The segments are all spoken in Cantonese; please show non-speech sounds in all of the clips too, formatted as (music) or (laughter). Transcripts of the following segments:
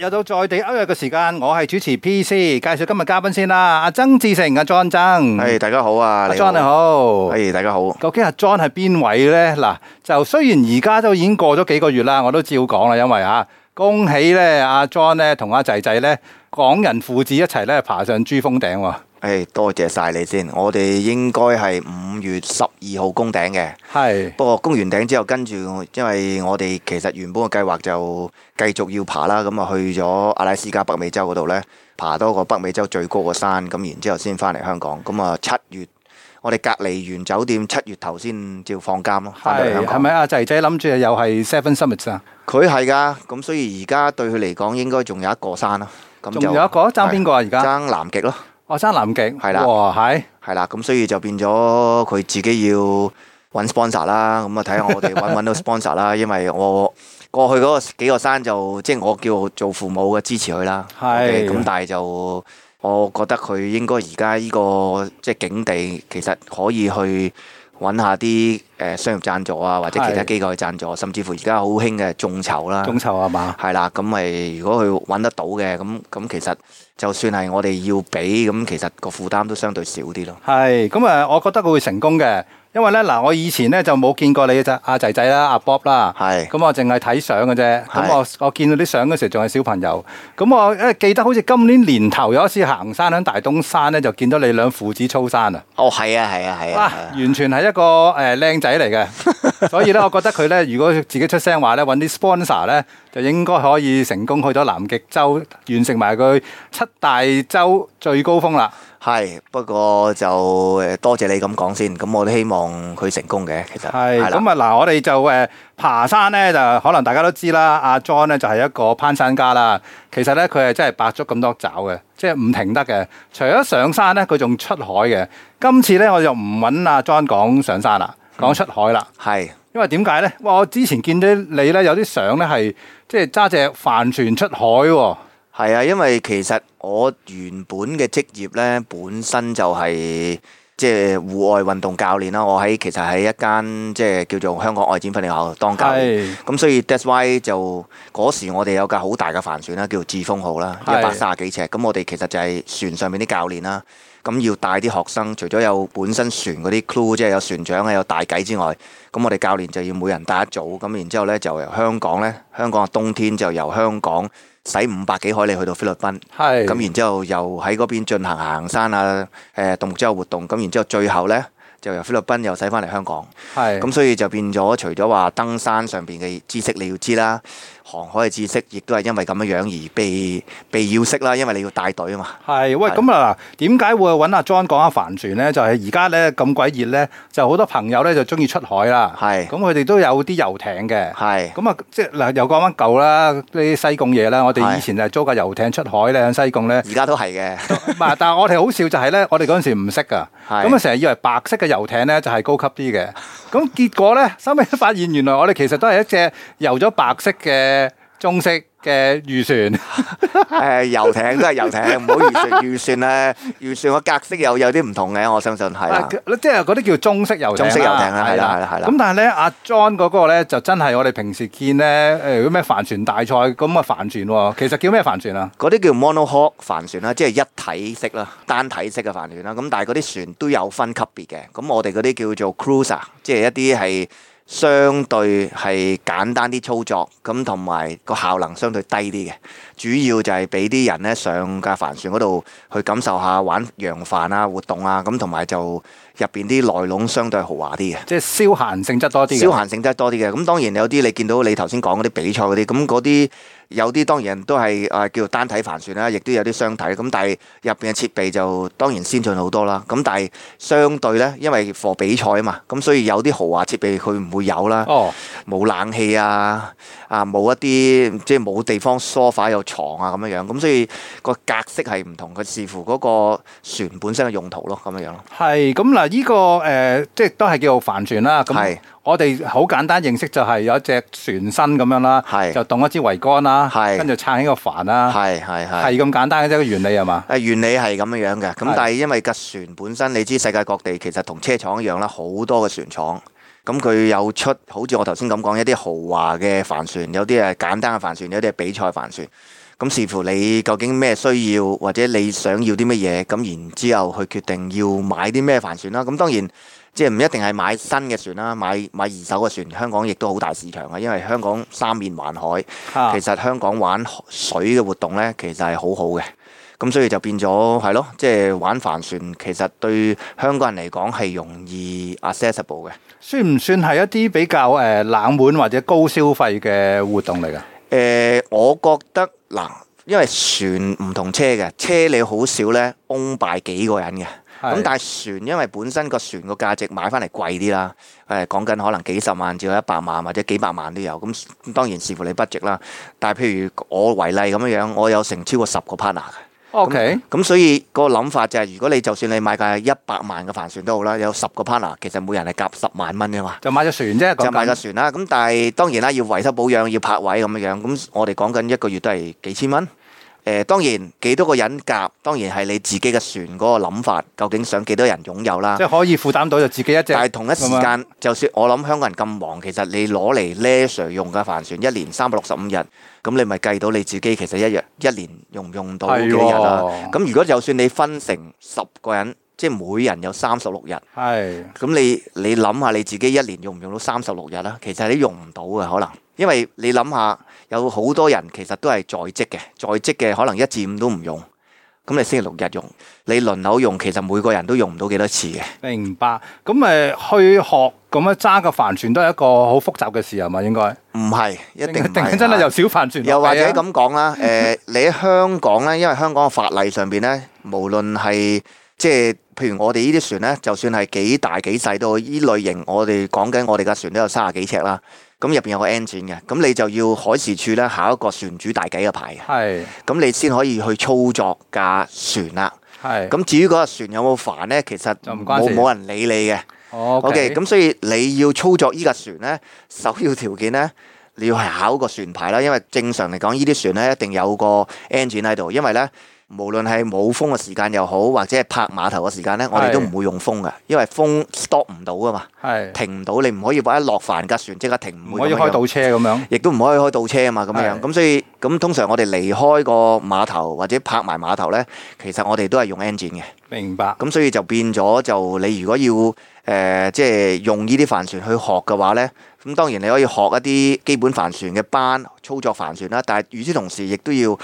又到在地 Out 遊嘅時間，我係主持 PC，介紹今日嘉賓先啦。阿曾志成啊，John 曾。係大家好啊，阿 John 你好，係大家好。究竟阿 John 係邊位咧？嗱，就雖然而家都已經過咗幾個月啦，我都照講啦，因為啊，恭喜咧，阿 John 咧同阿仔仔咧，港人父子一齊咧爬上珠峰頂。誒，多謝晒你先。我哋應該係五月十二號攻頂嘅。係的。不過攻完頂之後，跟住因為我哋其實原本嘅計劃就繼續要爬啦。咁啊去咗阿拉斯加北美洲嗰度呢，爬多個北美洲最高嘅山。咁然之後先翻嚟香港。咁啊七月，我哋隔離完酒店七月頭先至放監咯。係咪啊？仔仔諗住又係 Seven Summits 啊？佢係㗎。咁所以而家對佢嚟講，應該仲有一個山咯。咁仲有一個爭邊個啊？而家爭南極咯。我生、哦、南景係啦，係係啦，咁所以就變咗佢自己要揾 sponsor 啦，咁啊睇下我哋揾唔揾到 sponsor 啦， (laughs) 因為我過去嗰個幾個山就即係、就是、我叫做父母嘅支持佢啦，係咁的但係就我覺得佢應該而家呢個即係、就是、境地其實可以去揾下啲誒商業贊助啊或者其他機構嘅贊助，的甚至乎而家好興嘅眾籌啦，眾籌係嘛，係啦，咁咪如果佢揾得到嘅咁咁其實。就算係我哋要俾咁，其實個負擔都相對少啲咯。係咁啊，我覺得佢會成功嘅，因為咧嗱，我以前咧就冇見過你嘅阿仔仔啦，阿、啊、Bob 啦是。係。咁是我淨係睇相嘅啫。係。咁我我見到啲相嗰時仲係小朋友。咁我誒記得好似今年年頭有一次行山響大東山咧，就見到你兩父子操山、哦、啊。哦，係啊，係啊，係啊。完全係一個誒靚仔嚟嘅，呃、 (laughs) 所以咧，我覺得佢咧，如果自己出聲話咧，搵啲 sponsor 咧。就應該可以成功去到南極洲，完成埋佢七大洲最高峰啦。係，不過就誒多謝你咁講先，咁我都希望佢成功嘅。其實係咁啊嗱，是了我哋就誒爬山咧，就可能大家都知啦。阿、啊、John 咧就係一個攀山家啦。其實咧佢係真係百足咁多爪嘅，即係唔停得嘅。除咗上山咧，佢仲出海嘅。今次咧，我就唔搵阿 John 講上山啦，講、嗯、出海啦。係。因為點解呢？哇！我之前見到你呢，有啲相呢係即係揸隻帆船出海喎。係啊，因為其實我原本嘅職業呢，本身就係即係戶外運動教練啦。我喺其實喺一間即係叫做香港外展訓練學校當教練。咁是所以 that's why 就嗰時我哋有架好大嘅帆船啦，叫做智峰號啦，一百三十幾尺。咁我哋其實就係船上面啲教練啦。咁要帶啲學生，除咗有本身船嗰啲 crew，即係有船長啊、有大計之外，咁我哋教練就要每人帶一組。咁然之後呢，就由香港呢，香港啊冬天就由香港使五百幾海里去到菲律賓。係。咁然之後又喺嗰邊進行行山啊、誒棟木之後活動。咁然之後最後呢。就由菲律賓又駛翻嚟香港，咁是所以就變咗除咗話登山上邊嘅知識你要知啦，航海嘅知識亦都係因為咁樣樣而被被要識啦，因為你要帶隊啊嘛。係是，是喂，咁啊是，點解會揾阿 John 講下帆船咧？就係而家咧咁鬼熱咧，就好多朋友咧就中意出海啦。係是，咁佢哋都有啲遊艇嘅。係是，咁啊，即係嗱，又講翻舊啦，呢啲西貢嘢啦，我哋以前就租架遊艇出海咧，喺西貢咧。而家是都係嘅。唔係，但係我哋好笑就係咧，我哋嗰陣時唔識啊。咁啊，成日以為白色嘅遊艇咧就係高級啲嘅，咁結果咧，收尾都發現原來我哋其實都係一隻油咗白色嘅棕色嘅的漁船、 (laughs) 呃，誒遊艇都係遊艇，唔好漁船。漁船咧，漁船個格式又有啲唔同嘅，我相信係、啊、即係嗰啲叫中式遊艇啦、啊，係啦係啦係啦。咁、啊、的但係咧，阿 John 嗰個咧就真係我哋平時見咧，誒、哎、咩帆船大賽咁嘅帆船，其實叫咩帆船啊？嗰啲叫 monohull 帆船啦，即係一體式啦，單體式嘅帆船啦。咁但係嗰啲船都有分級別嘅。咁我哋嗰啲叫做 cruiser，即係一啲係。相對係簡單啲操作，咁同埋個效能相對低啲嘅，主要就係俾啲人咧上架帆船嗰度去感受下玩揚帆啊、活動啊，咁同埋就入邊啲內籠相對豪華啲嘅，即係消閒性質多啲嘅。消閒性質多啲嘅，咁當然有啲你見到你頭先講嗰啲比賽嗰啲，咁嗰啲。有啲當然都係啊，叫做單體帆船啦，亦都有啲雙體咁。但係入邊嘅設備就當然先進好多啦。咁但係相對咧，因為 for 比賽啊嘛，咁所以有啲豪華設備佢唔會有啦。哦，冇冷氣啊，啊冇一啲即係冇地方梳化，有床啊咁樣樣。咁所以個格式係唔同，佢視乎嗰個船本身嘅用途咯，咁樣樣咯。係。咁嗱，呢個誒即係都係叫做帆船啦。咁係。我哋好簡單認識就係有一隻船身咁樣啦。係。就棟一支桅杆啦。係，跟住是撐起個帆啦、啊。係係係，係咁簡單嘅啫，個原理係嘛？誒，原理係咁樣樣嘅。咁是的 但係因為架船本身，你知世界各地其實同車廠一樣啦，好多嘅船廠。咁佢有出，好似我頭先咁講，一啲豪華嘅帆船，有啲係簡單嘅帆船，有啲係比賽帆船，咁視乎你究竟咩需要，或者你想要啲乜嘢，咁然之後去決定要買啲咩帆船啦。咁當然，即係唔一定係買新嘅船啦，買買二手嘅船。香港亦都好大市場呀，因為香港三面環海，啊、其實香港玩水嘅活動呢，其實係好好嘅。咁所以就變咗係咯，即係玩帆船，其實對香港人嚟講係容易 accessible 嘅。算唔算係一啲比較誒冷門或者高消費嘅活動嚟㗎？誒、呃，我覺得嗱，因為船唔同車嘅，車你好少咧，共買幾個人嘅。咁是的 但係船，因為本身個船個價值買翻嚟貴啲啦。誒，講緊可能幾十萬至一百萬或者幾百萬都有。咁當然視乎你 budget 啦。但係譬如我為例咁樣樣，我有成超過十個 partner。OK，咁所以個諗法就係，如果你就算你買架一百萬嘅帆船都好啦，有十個 partner，其實每人係夾十萬蚊嘅嘛。就買隻船啫，就買隻船啦。咁但係當然啦，要維修保養，要泊位咁樣樣。咁我哋講緊一個月都係幾千蚊。誒、呃，當然幾多個人夾，當然係你自己嘅船嗰個諗法，究竟想幾多人擁有啦？即係可以負擔到就自己一隻。但係同一時間，麼就算我諗香港人咁忙，其實你攞嚟 Laser 用嘅帆船，一年三百六十五日，咁你咪計到你自己其實一日一年用唔用到幾多日啦？咁對、哦、如果就算你分成十個人，即係每人有三十六日，咁是的 你你諗下你自己一年用唔用到三十六日啦？其實你用唔到嘅可能，因為你諗下。有好多人其實都係在職嘅，在職嘅可能一至五都唔用，咁你星期六日用，你輪流用，其實每個人都用唔到幾多次嘅。明白。咁誒去學咁樣揸個帆船都係一個好複雜嘅事，係咪應該？唔係，一定係。一定真係由小帆船。啊、又或者咁講啦，誒、呃，你喺香港咧，因為香港嘅法例上邊咧，無論係即係，譬如我哋呢啲船咧，就算係幾大幾細都好，呢類型我哋講緊我哋嘅船都有三十幾尺啦。咁入邊有個 engine 嘅，咁你就要海事處咧考一個船主大偈嘅牌，咁是的 你先可以去操作架船啦。咁是的 至於嗰個船有冇帆咧，其實冇冇人理你嘅。O K，咁所以你要操作依架船咧，首要條件咧，你要係考個船牌啦。因為正常嚟講，呢啲船咧一定有一個 engine 喺度，因為咧。無論係冇風嘅時間又好，或者係泊碼頭嘅時間呢，是的 我哋都唔會用風嘅，因為風 stop 唔到㗎嘛，是的 停唔到，你唔可以話一落帆架船即刻停，唔會可以開倒車咁樣，亦都唔可以開倒車啊嘛，咁是的 樣，咁所以咁通常我哋離開個碼頭或者泊埋碼頭呢，其實我哋都係用 engine 嘅，明白。咁所以就變咗就你如果要誒、呃、即係用呢啲帆船去學嘅話呢，咁當然你可以學一啲基本帆船嘅班操作帆船啦，但係與此同時亦都要，.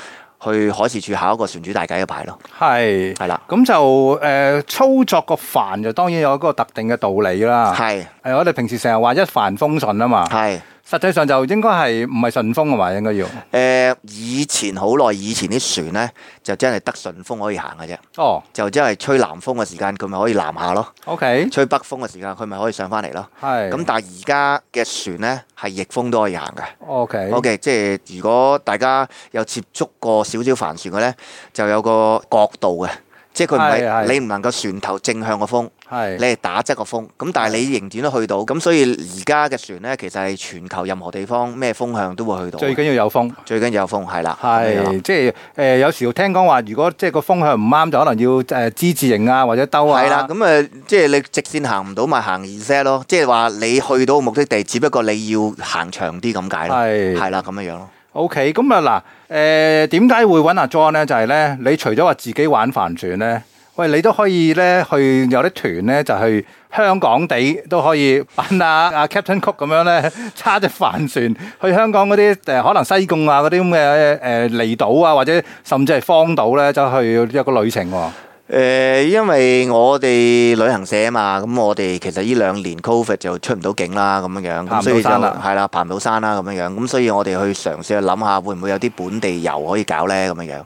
去海事處考一個船主大計嘅牌咯是，係係啦，咁就誒操作個帆就當然有一個特定嘅道理啦，係誒我哋平時成日話一帆風順啊嘛，係。實際上就應該係唔係順風嘅話，應該要誒、呃、以前好耐以前啲船咧，就真係得順風可以行嘅啫。哦，就真係吹南風嘅時間，佢咪可以南下咯。OK，吹北風嘅時間，佢咪可以上翻嚟咯。係是的。咁但係而家嘅船咧，係逆風都可以行嘅。OK，OK，Okay、okay，即係如果大家有接觸過少少帆船嘅咧，就有個角度嘅，即係佢唔係你唔能夠船頭正向嘅風。係是你係打側個風，咁但係你仍然都去到，咁所以而家嘅船咧，其實係全球任何地方咩風向都會去到。最緊要有風，最緊要有風，係啦。係是嗎即係誒、呃，有時候聽講話，如果即係個風向唔啱，就可能要誒之字形啊，或者兜啊。係啦，咁、嗯、誒，即係你直線行唔到，咪、就是、行 Z 咯。即係話你去到目的地，只不過你要行長啲咁解。係係啦，咁樣樣咯。OK，咁啊嗱，誒、呃，點解會搵阿 John 咧？就係咧，你除咗話自己玩帆船咧。喂，你都可以咧去有啲團咧，就去香港地都可以扮下阿 Captain Cook 咁樣咧，揸隻帆船去香港嗰啲誒，可能西貢啊嗰啲咁嘅誒離島啊，或者甚至係荒島咧，就去一個旅程喎。誒，因為我哋旅行社啊嘛，咁我哋其實呢兩年 Covid 就出唔到境啦，咁樣樣爬唔到山啦，係啦，爬唔到山啦，咁樣樣，咁所以我哋去嘗試去諗下，會唔會有啲本地遊可以搞咧，咁樣樣。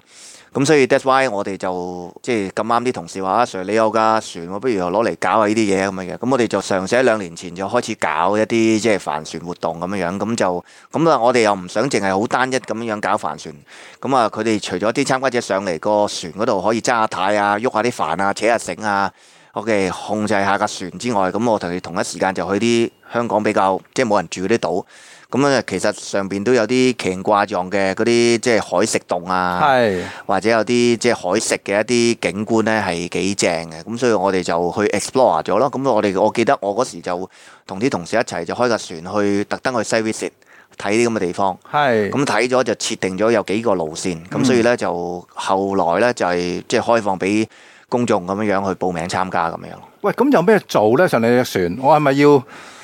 咁所以 that's why 我哋就即係咁啱啲同事話阿 Sir 你有架船，我不如攞嚟搞下呢啲嘢咁樣嘅。咁我哋就嘗試一兩年前就開始搞一啲即係帆船活動咁樣樣。咁就咁啊，我哋又唔想淨係好單一咁樣樣搞帆船。咁啊，佢哋除咗啲參加者上嚟個船嗰度可以揸下呔啊、喐下啲帆啊、扯下繩啊，OK 控制下架船之外，咁我同佢同一時間就去啲香港比較即係冇人住啲島。咁咧，其實上邊都有啲奇形怪狀嘅嗰啲，即係海蝕洞啊，是的 或者有啲即係海蝕嘅一啲景觀咧，係幾正嘅。咁所以我哋就去 explore 咗咯。咁我哋，我記得我嗰時就同啲同事一齊就開架船去特登去西 visit 睇啲咁嘅地方。係。咁睇咗就設定咗有幾個路線。咁是的、嗯、所以咧就後來咧就係即係開放俾公眾咁樣樣去報名參加咁樣。喂，咁有咩做咧？上你隻船，我係咪要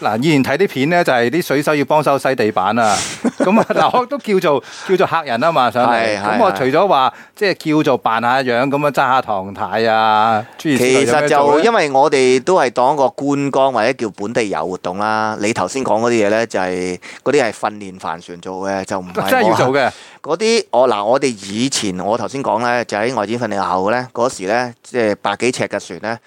嗱？以前睇啲片咧，就係啲水手要幫手洗地板啊。咁啊， (laughs) 嗱，我都叫做叫做客人啊嘛，上嚟。咁 (laughs) 我除咗話即係叫做扮下樣，樣，咁啊，揸下唐太啊。其實就因為我哋都係當個觀光或者叫本地遊活動啦。你頭先講嗰啲嘢咧，就係嗰啲係訓練帆船做嘅，就唔係真係要做嘅嗰啲，我嗱，我哋以前我頭先講咧，就喺外展訓練後咧嗰時咧，即係百幾尺嘅船咧。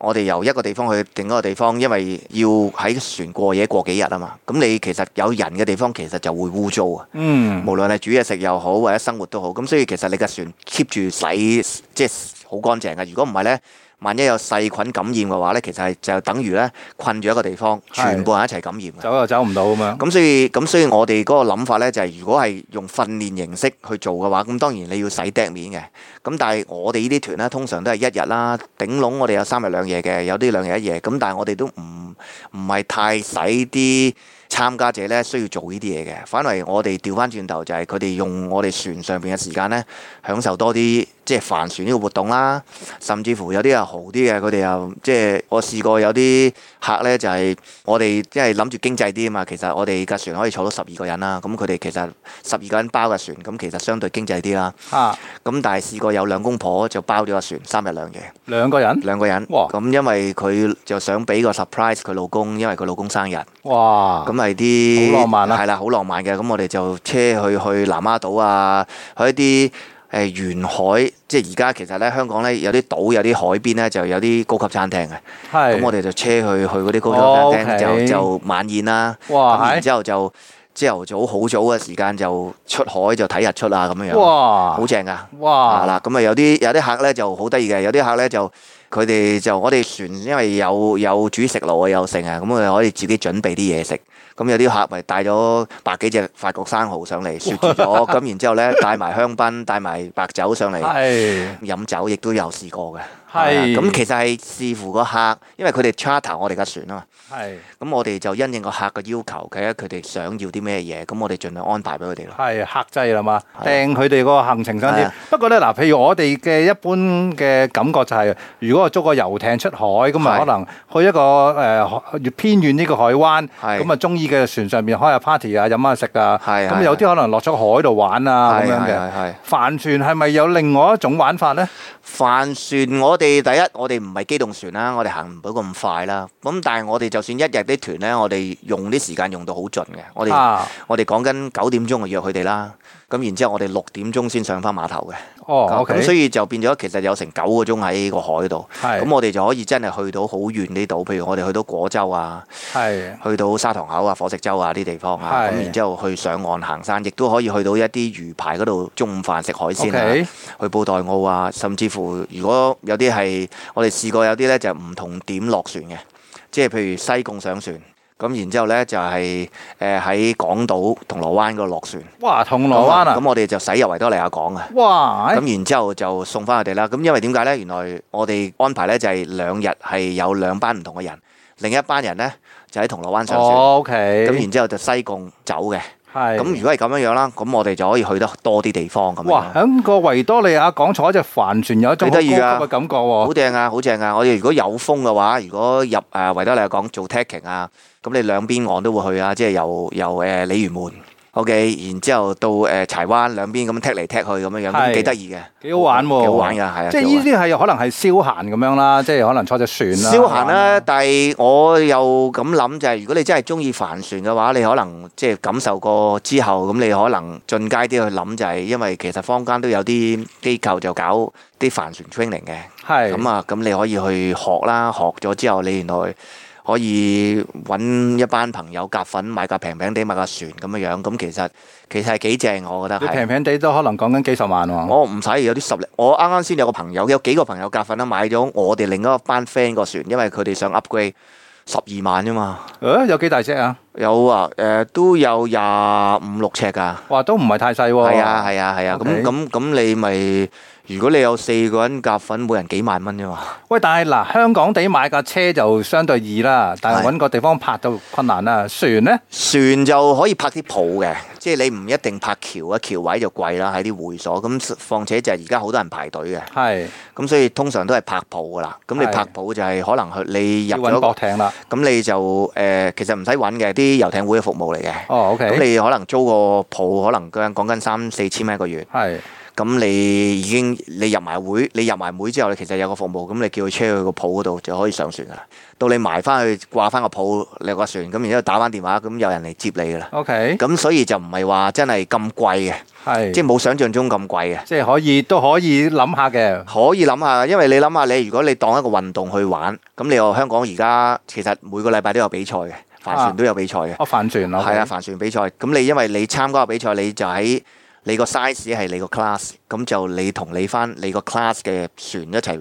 我哋由一個地方去另一個地方，因為要喺船過夜過幾日啊嘛，咁你其實有人嘅地方其實就會污糟啊。嗯，mm. 無論係煮嘢食又好或者生活都好，咁所以其實你嘅船 keep 住洗即係好乾淨㗎。如果唔係呢？萬一有細菌感染嘅話咧，其實係就等於咧困住一個地方，全部人一齊感染，走又走唔到啊嘛。咁所以咁所以我哋嗰個諗法咧，就係如果係用訓練形式去做嘅話，咁當然你要洗笛面嘅。咁但係我哋呢啲團咧，通常都係一日啦，頂籠我哋有三日兩夜嘅，有啲兩日一夜。咁但係我哋都唔唔係太使啲。參加者咧需要做呢啲嘢嘅，反為我哋調翻轉頭就係佢哋用我哋船上邊嘅時間咧，享受多啲即係帆船呢個活動啦。甚至乎有啲啊豪啲嘅，佢哋又即係我試過有啲客呢，就係、是、我哋即係諗住經濟啲啊嘛。其實我哋架船可以坐到十二個人啦，咁佢哋其實十二個人包架船，咁其實相對經濟啲啦。咁、啊、但係試過有兩公婆就包咗個船三日兩夜。兩個人。兩個人。咁哇 因為佢就想俾個 surprise 佢老公，因為佢老公生日。哇！係啲，係啦，好浪漫嘅、啊。咁我哋就車去去南丫島啊，去一啲誒、呃、沿海。即係而家其實咧，香港咧有啲島有啲海邊咧，就有啲高級餐廳嘅。咁是的 我哋就車去去嗰啲高級餐廳，哦 okay、就就晚宴啦。咁哇 然之後就朝頭早好早嘅時間就出海就睇日出啊，咁樣樣，好正㗎。啊啦哇、嗯，咁啊有啲有啲客咧就好得意嘅，有啲客咧就，就。佢哋就我哋船，因為有有煮食爐啊，有剩啊，咁我哋可以自己準備啲嘢食。咁有啲客咪帶咗百幾隻法國生蠔上嚟雪住咗，咁然之後咧帶埋香檳、帶埋白酒上嚟飲酒，亦都有試過嘅。係，咁其實係視乎個客，因為佢哋 charter 我哋架船啊嘛。係，咁我哋就因應個客嘅要求，睇下佢哋想要啲咩嘢，咁我哋盡量安排俾佢哋咯。係，客製喇嘛，訂佢哋個行程上啲。不過咧，嗱，譬如我哋嘅一般嘅感覺就係，如果我租個遊艇出海，咁啊可能去一個誒越偏遠呢個海灣，咁啊中意嘅船上邊開下 party 啊，飲下食啊，咁有啲可能落咗海度玩啊咁樣嘅。帆船係咪有另外一種玩法咧？帆船我。我哋第一，我哋唔係機動船啦，我哋行唔到咁快啦。咁但係我哋就算一日啲團呢，我哋用啲時間用到好盡嘅。我哋、啊、我哋講緊九點鐘就約佢哋啦。咁然之後我，我哋六點鐘先上翻碼頭嘅，咁所以就變咗其實有成九個鐘喺個海度。咁是我哋就可以真係去到好遠呢度，譬如我哋去到果洲啊，是去到沙塘口啊、火石洲啊啲地方啊。咁是然之後去上岸行山，亦都可以去到一啲魚排嗰度中午飯食海鮮啊。Okay. 去布袋澳啊，甚至乎如果有啲係我哋試過有啲呢就唔同點落船嘅，即係譬如西貢上船。咁然之後呢，就係誒喺港島銅鑼灣嗰度落船，哇銅鑼灣啊！咁我哋就駛入維多利亞港啊！哇！咁然之後就送翻佢哋啦。咁因為點解呢？原來我哋安排呢就係兩日係有兩班唔同嘅人，另一班人呢就喺銅鑼灣上船。哦，OK。咁然之後就西貢走嘅。係，咁是如果係咁樣樣啦，咁我哋就可以去得多啲地方咁。哇，喺、個維多利亞港坐一隻帆船，有一種高級嘅感覺喎。好正啊，好正啊，啊！我哋如果有風嘅話，如果入誒維多利亞港做 tacking 啊，咁你兩邊岸都會去啊，即係由由誒鯉魚門。O.K.，然之後到誒柴灣兩邊咁踢嚟踢去咁樣樣，幾得意嘅，幾好玩喎，幾好玩嘅，係啊。即係依啲係可能係消閒咁樣啦，樣即係可能坐隻船啦。消閒啦、啊，嗯、但係我又咁諗就係、是，如果你真係中意帆船嘅話，你可能即係感受過之後，咁你可能進階啲去諗就係、是，因為其實坊間都有啲機構就搞啲帆船 training 嘅，係咁啊，咁你可以去學啦，學咗之後你原來。可以揾一班朋友夾份買架平平地買架船咁嘅樣，咁其實其實係幾正，我覺得。你平平地都可能講緊幾十萬喎、啊。我唔使，有啲十零。我啱啱先有個朋友，有幾個朋友夾份啦，買咗我哋另一班 friend 個船，因為佢哋想 upgrade 十二萬啫嘛。誒、啊，有幾大隻啊？有啊，誒都有廿五六尺㗎。哇，都唔係太細喎。係啊係啊係啊，咁咁咁你咪，如果你有四個人夾份，每人幾萬蚊啫嘛。喂，但係嗱、呃，香港地買架車就相對易啦，但係揾個地方泊就困難啦。是船咧呢？船就可以泊啲鋪嘅，即係你唔一定泊橋啊，橋位就貴啦，喺啲會所。咁況且就係而家好多人排隊嘅。係是。咁所以通常都係泊鋪㗎啦。咁你泊鋪就係可能去你入咗，是艇咁你就誒、呃、其實唔使揾嘅啲。啲遊艇會嘅服務嚟嘅，咁、oh, okay. 你可能租個鋪，可能講緊三四千蚊一個月。係咁是，你已經你入埋會，你入埋會之後，你其實有個服務，咁你叫佢車去個鋪嗰度就可以上船噶啦。到你埋翻去掛翻個鋪，你個船咁，然之後打翻電話，咁有人嚟接你噶啦。OK，咁所以就唔係話真係咁貴嘅，係是即係冇想象中咁貴嘅，即係可以都可以諗下嘅，可以諗下。因為你諗下，你如果你當一個運動去玩，咁你話香港而家其實每個禮拜都有比賽嘅。帆船都有比賽嘅，哦，帆船咯，係、okay. 啊，帆船比賽，咁你因為你參加比賽，你就喺你個 size 係你個 class，咁就你同你翻你個 class 嘅船一齊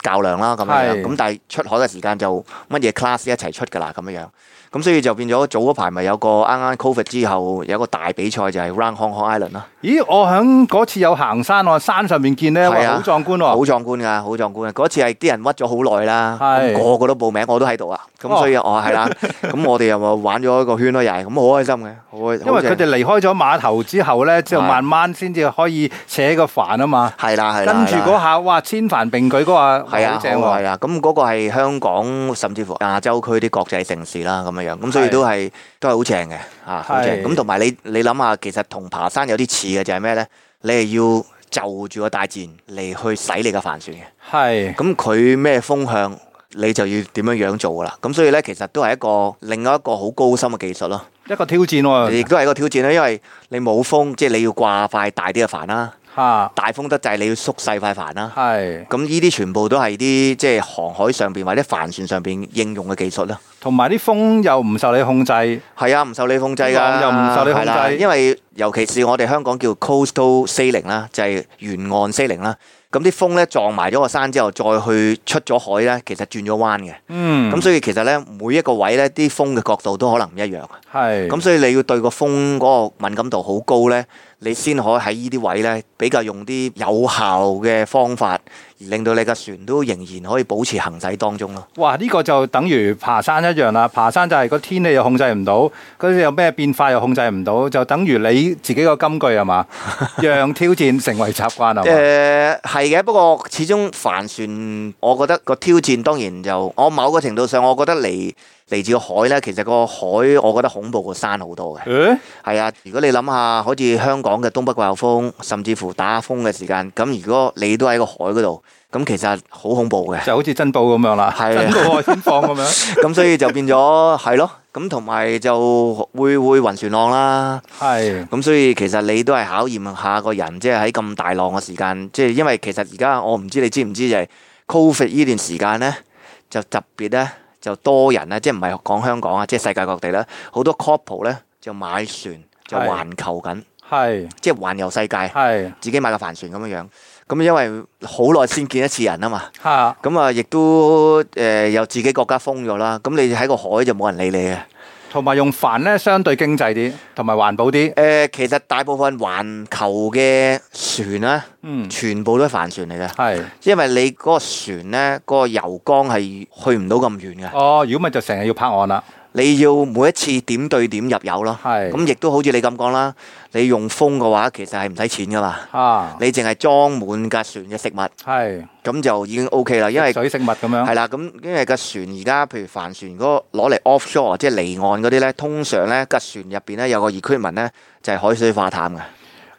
較量啦咁樣，咁是但係出海嘅時間就乜嘢 class 一齊出噶啦咁樣。咁所以就變咗早嗰排咪有個啱啱 Covid 之後有個大比賽就係 Round Hong Kong Island 咯。咦！我喺嗰次有行山，我喺山上面見咧，好壯觀喎，好壯觀㗎，好壯觀。嗰次係啲人屈咗好耐啦，個個都報名，我都喺度啊。咁所以哦係啦，咁我哋又玩咗一個圈咯，又係咁好開心嘅，好開心。因為佢哋離開咗碼頭之後咧，就慢慢先至可以扯個帆啊嘛。係啦係啦。跟住嗰下哇，千帆並舉嗰下好正喎。係啊，咁嗰個係香港甚至乎亞洲區啲國際城市啦，咁。咁、嗯、所以都係都係好正嘅，啊，好正。咁同埋你你諗下，其實同爬山有啲似嘅就係、是、咩呢？你係要就住個大自然嚟，去洗你個帆船嘅。係是的、嗯。咁佢咩風向，你就要點樣樣做噶啦。咁、嗯、所以呢，其實都係一個另外一個好高深嘅技術咯。一個挑戰喎。亦都係一個挑戰啦，因為你冇風，即係你要掛塊大啲嘅帆啦、啊。嚇！大風得滯，你要縮細塊帆啦。係。咁呢啲全部都係啲即係航海上邊或者帆船上邊應用嘅技術啦。同埋啲風又唔受你控制。係啊，唔受你控制㗎。浪又唔受你控制，因為尤其是我哋香港叫 coastal sailing 啦，就係沿岸 sailing 啦。咁啲風咧撞埋咗個山之後，再去出咗海咧，其實轉咗彎嘅。嗯，咁所以其實咧，每一個位咧，啲風嘅角度都可能唔一樣。係，咁所以你要對個風嗰個敏感度好高咧，你先可以喺呢啲位咧，比較用啲有效嘅方法。令到你嘅船都仍然可以保持行駛當中咯。哇！呢個就等於爬山一樣啦。爬山就係個天氣又控制唔到，嗰啲有咩變化又控制唔到，就等於你自己個金句係嘛？ (laughs) 讓挑戰成為習慣啊！誒係嘅，不過始終帆船，我覺得個挑戰當然就，我某個程度上，我覺得嚟。嚟自個海呢，其實個海，我覺得恐怖過山好多嘅。係啊、欸，如果你諗下，好似香港嘅東北季候風，甚至乎打風嘅時間，咁如果你都喺個海嗰度，咁其實好恐怖嘅。就好似珍寶咁樣啦，珍寶外險況咁樣。咁所以就變咗係咯，咁同埋就會會暈船浪啦。係。咁所以其實你都係考驗下個人，即係喺咁大浪嘅時間，即係因為其實而家我唔知你知唔知就係 Covid 呢段時間呢，就特別呢。就多人啊，即係唔係講香港啊，即係世界各地啦，好多 couple 咧就買船就的環球緊，係的即係環遊世界，係的自己買架帆船咁樣樣。咁因為好耐先見一次人啊嘛，係咁啊，亦都誒有自己國家封咗啦，咁你喺個海就冇人理你嘅。同埋用帆咧相對經濟啲，同埋環保啲。誒、呃，其實大部分環球嘅船咧，嗯，全部都係帆船嚟嘅。係，是的 因為你嗰個船咧，嗰、嗰個油缸係去唔到咁遠嘅。哦，如果咪就成日要泊岸啦。你要每一次點對點入油咯，咁亦都好似你咁講啦。你用風嘅話，其實係唔使錢噶嘛。啊、你淨係裝滿架船嘅食物，咁是的 就已經 OK 啦。因為水食物咁樣，係啦。咁因為架船而家，譬如帆船嗰攞嚟 offshore，即係離岸嗰啲咧，通常咧架船入邊咧有個 equipment 咧，就係海水化淡嘅。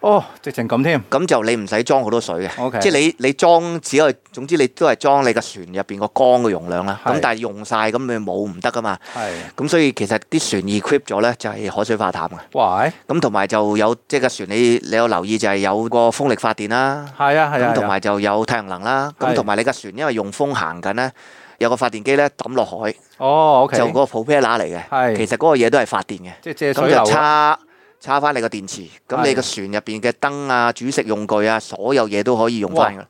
哦，直情咁添，咁就你唔使裝好多水嘅，即係你你裝，只係總之你都係裝你個船入邊個缸嘅容量啦。咁但係用晒咁咪冇唔得噶嘛。係。咁所以其實啲船 equip 咗咧就係海水化淡嘅。哇！咁同埋就有即係個船你你有留意就係有個風力發電啦。係啊係啊。咁同埋就有太陽能啦。咁同埋你個船因為用風行緊咧，有個發電機咧抌落海。哦，OK。有個 propeller 嚟嘅，其實嗰個嘢都係發電嘅。即係借水流啊。咁就差。插翻你個電池，咁你個船入邊嘅燈啊、煮食用具啊，所有嘢都可以用翻噶，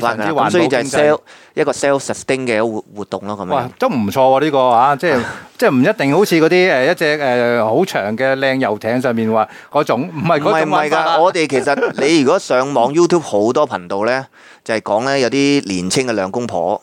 哇用翻所以就係 self 一個 self sustain 嘅活活動咯，啊。咁哇，都唔錯喎呢個啊，即係即係唔一定好似嗰啲誒一隻誒好長嘅靚、呃、遊艇上面話嗰種，唔係唔係唔係㗎。 (laughs) 我哋其實你如果上網 YouTube 好多頻道咧，就係講咧有啲年輕嘅兩公婆，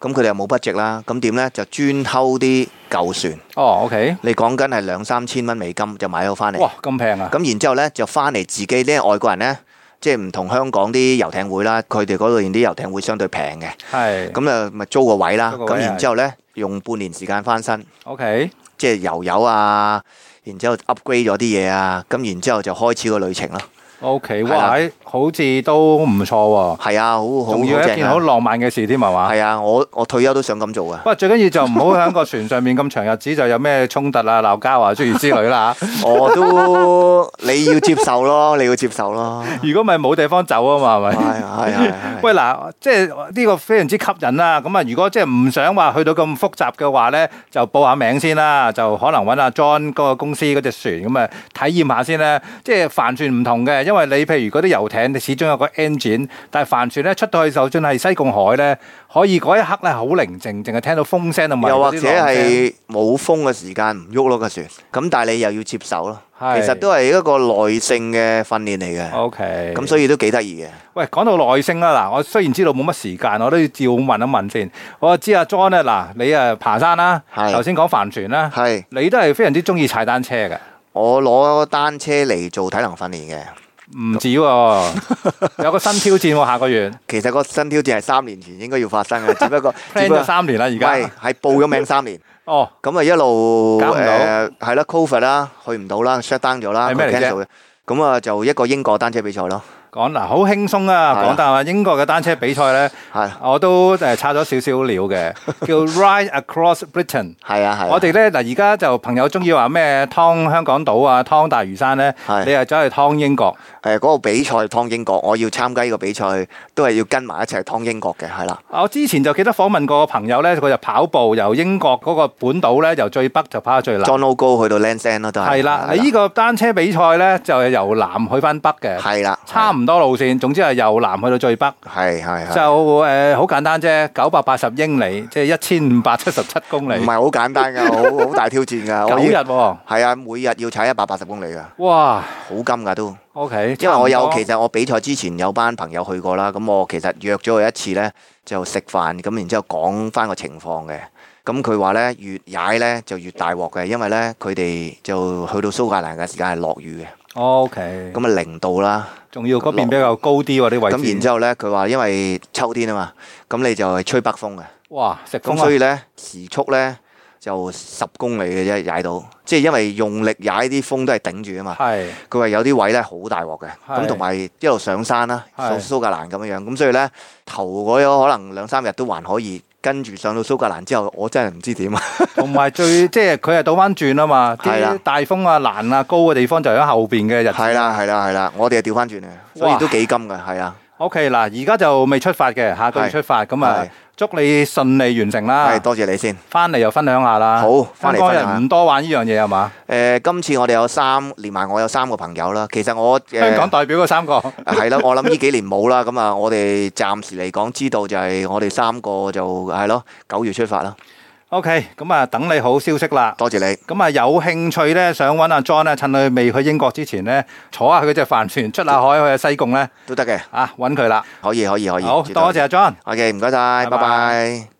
咁佢哋又冇 budget 啦，咁點咧就專偷啲。就算哦，OK，你講緊係兩三千蚊美金就買咗翻嚟，哇咁平啊！咁然之後咧就翻嚟自己啲外國人咧，即係唔同香港啲遊艇會啦，佢哋嗰度啲遊艇會相對平嘅，係咁啊，咪租個位啦。咁然之後咧的用半年時間翻新，OK，即係油油啊，然之後 upgrade 咗啲嘢啊，咁然之後就開始個旅程咯。O.K. 喎，好似都唔錯喎，係啊，好好重要一件好浪漫嘅事添，係嘛？係啊，我我退休都想咁做啊。不過最緊要就唔好喺個船上面咁長日子，就有咩衝突啊、鬧交啊諸如之類啦。我都你要接受咯，你要接受咯。如果咪冇地方走啊嘛，係咪？係係係。喂嗱，即係呢個非常之吸引啦。咁啊，如果即係唔想話去到咁複雜嘅話咧，就報下名先啦。就可能揾阿 John 嗰個公司嗰隻船咁啊，體驗下先啦。即係帆船唔同嘅，因為你譬如嗰啲遊艇，你始終有個 engine，但係帆船咧出到去就算係西貢海咧，可以嗰一刻咧好寧靜，淨係聽到風聲同埋，又或者係冇風嘅時間唔喐咯個船。咁但係你又要接受咯，是其實都係一個耐性嘅訓練嚟嘅。O K，咁所以都幾得意嘅。喂，講到耐性啦，嗱，我雖然知道冇乜時間，我都要照問一問先。我知阿 John 咧，嗱，你啊爬山啦，頭先講帆船啦，係是，你都係非常之中意踩單車嘅。我攞單車嚟做體能訓練嘅。唔止喎，有 (laughs) 個新挑戰喎，下個月。其實個新挑戰係三年前應該要發生嘅， (laughs) 只不過 p Plan 咗三年啦，而家係報咗名三年。哦，咁啊一路減唔到，係咯，COVID 啦，呃、COVID，去唔到啦，shut down 咗啦，係咩嚟啫？咁啊就一個英國單車比賽咯。講嗱，好輕鬆啊！講大話英國嘅單車比賽咧，我都誒差咗少少料嘅，叫 Ride Across Britain。係啊，係。我哋咧嗱，而家就朋友中意話咩趟香港島啊，趟大嶼山咧，你又走去趟英國。誒，嗰個比賽趟英國，我要參加呢個比賽，都係要跟埋一齊趟英國嘅，係啦。我之前就記得訪問過個朋友咧，佢就跑步由英國嗰個本島咧，由最北就跑到最南。John Ogo 去到 Land's End 咯，都係。係啦，呢個單車比賽咧就係由南去翻北嘅。係啦，差唔多路線，總之係由南去到最北，係係就誒好、呃、簡單啫，九百八十英里，即係一千五百七十七公里，唔係好簡單噶，好 (laughs) 大挑戰噶，九日係啊，每日要踩一百八十公里啊，哇，好金噶都，O Okay , K，因為我有其實我比賽之前有班朋友去過啦，咁我其實約咗佢一次呢，就食飯，咁然之後講翻個情況嘅，咁佢話呢，越踩呢就越大鑊嘅，因為呢，佢哋就去到蘇格蘭嘅時間係落雨嘅。O K，咁啊零度啦，仲要嗰邊比較高啲喎啲位，咁落然之後咧，佢話因為秋天啊嘛，咁你就係吹北風嘅，哇，咁、啊、所以咧時速咧就十公里嘅啫踩到，即係因為用力踩啲風都係頂住啊嘛，係是的，佢話是的 有啲位咧好大鑊嘅，咁同埋一路上山啦，蘇是的 蘇格蘭咁樣樣，咁所以咧頭嗰有可能兩三日都還可以。跟住上到蘇格蘭之後，我真係唔知點啊！同埋最即係佢係倒翻轉啊嘛，啲是的 大風啊、難啊、高嘅地方就喺後邊嘅日程。係啦，係啦，係啦，我哋係調翻轉嘅，所以都幾金㗎，係啦。哇的 OK，嗱，而家就未出發嘅，下個月出發咁啊。的就祝你順利完成啦！係多謝你先，翻嚟，又分享下啦。好，香港人唔多玩呢樣嘢係嘛？誒吧、呃，今次我哋有三，連埋我有三個朋友啦。其實我、呃、香港代表嗰三個係啦。 (laughs) 我諗呢幾年冇啦。咁啊，我哋暫時嚟講，知道就係我哋三個就係咯，九月出發啦。O.K. 咁啊，等你好消息啦，多謝你。咁啊、嗯，有興趣咧，想搵阿 John 咧，趁佢未去英國之前咧，坐下佢隻帆船出下海都去西貢咧，都得嘅啊，搵佢啦。可以，可以，可以。好對多謝阿 John。O.K. 唔該晒，拜拜。拜拜。